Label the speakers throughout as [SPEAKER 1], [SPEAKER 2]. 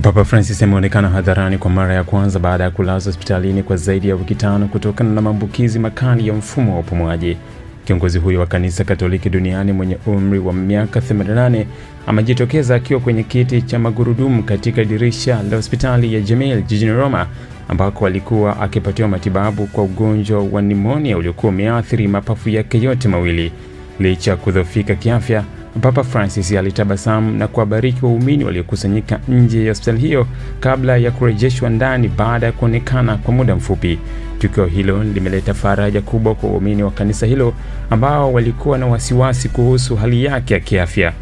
[SPEAKER 1] Papa Francis ameonekana hadharani kwa mara ya kwanza baada ya kulazwa hospitalini kwa zaidi ya wiki tano kutokana na maambukizi makali ya mfumo wa upumuaji. Kiongozi huyo wa kanisa Katoliki duniani mwenye umri wa miaka 88 amejitokeza akiwa kwenye kiti cha magurudumu katika dirisha la hospitali ya Gemelli jijini Roma ambako alikuwa akipatiwa matibabu kwa ugonjwa wa nimonia uliokuwa umeathiri mapafu yake yote mawili. Licha ya kudhoofika kiafya Papa Francis alitabasamu na kuwabariki waumini waliokusanyika nje ya hospitali hiyo kabla ya kurejeshwa ndani baada ya kuonekana kwa muda mfupi. Tukio hilo limeleta faraja kubwa kwa waumini wa kanisa hilo ambao walikuwa na wasiwasi kuhusu hali yake ya kiafya.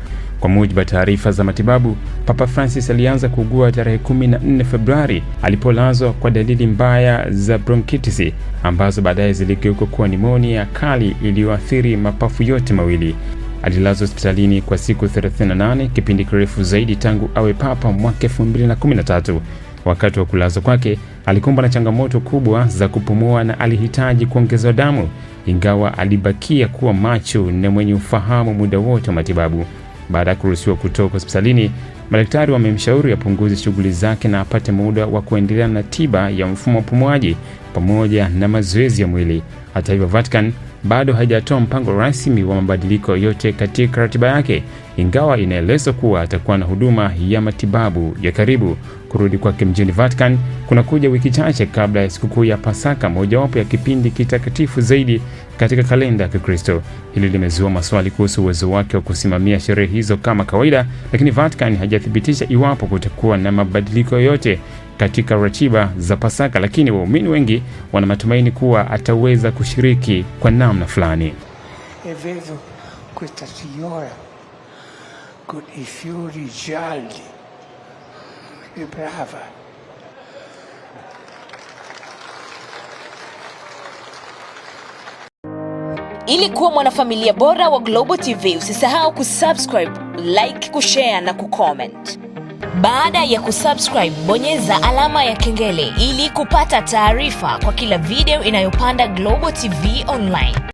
[SPEAKER 1] Kwa mujibu wa taarifa za matibabu, Papa Francis alianza kuugua tarehe 14 Februari alipolazwa kwa dalili mbaya za bronchitis ambazo baadaye ziligeuka kuwa nimonia kali iliyoathiri mapafu yote mawili alilazwa hospitalini kwa siku 38, kipindi kirefu zaidi tangu awe papa mwaka 2013. Wakati wa kulazwa kwake alikumbwa na changamoto kubwa za kupumua na alihitaji kuongezwa damu, ingawa alibakia kuwa macho na mwenye ufahamu muda wote wa matibabu. Baada ya kuruhusiwa kutoka hospitalini, Madaktari wamemshauri apunguze shughuli zake na apate muda wa kuendelea na tiba ya mfumo wa pumuaji pamoja na mazoezi ya mwili. Hata hivyo, Vatican bado haijatoa mpango rasmi wa mabadiliko yote katika ratiba yake, ingawa inaelezwa kuwa atakuwa na huduma ya matibabu ya karibu. Kurudi kwake mjini Vatican kunakuja wiki chache kabla ya sikukuu ya Pasaka, mojawapo ya kipindi kitakatifu zaidi katika kalenda ya Kikristo. Hili limezua maswali kuhusu uwezo wake wa kusimamia sherehe hizo kama kawaida, lakini Vatican haija hajathibitisha iwapo kutakuwa na mabadiliko yote katika ratiba za Pasaka, lakini waumini wengi wana matumaini kuwa ataweza kushiriki kwa namna fulani.
[SPEAKER 2] Ili kuwa mwanafamilia bora wa Global TV, usisahau kusubscribe like, kushare na kucomment. Baada ya kusubscribe, bonyeza alama ya kengele ili kupata taarifa kwa kila video inayopanda Global TV Online.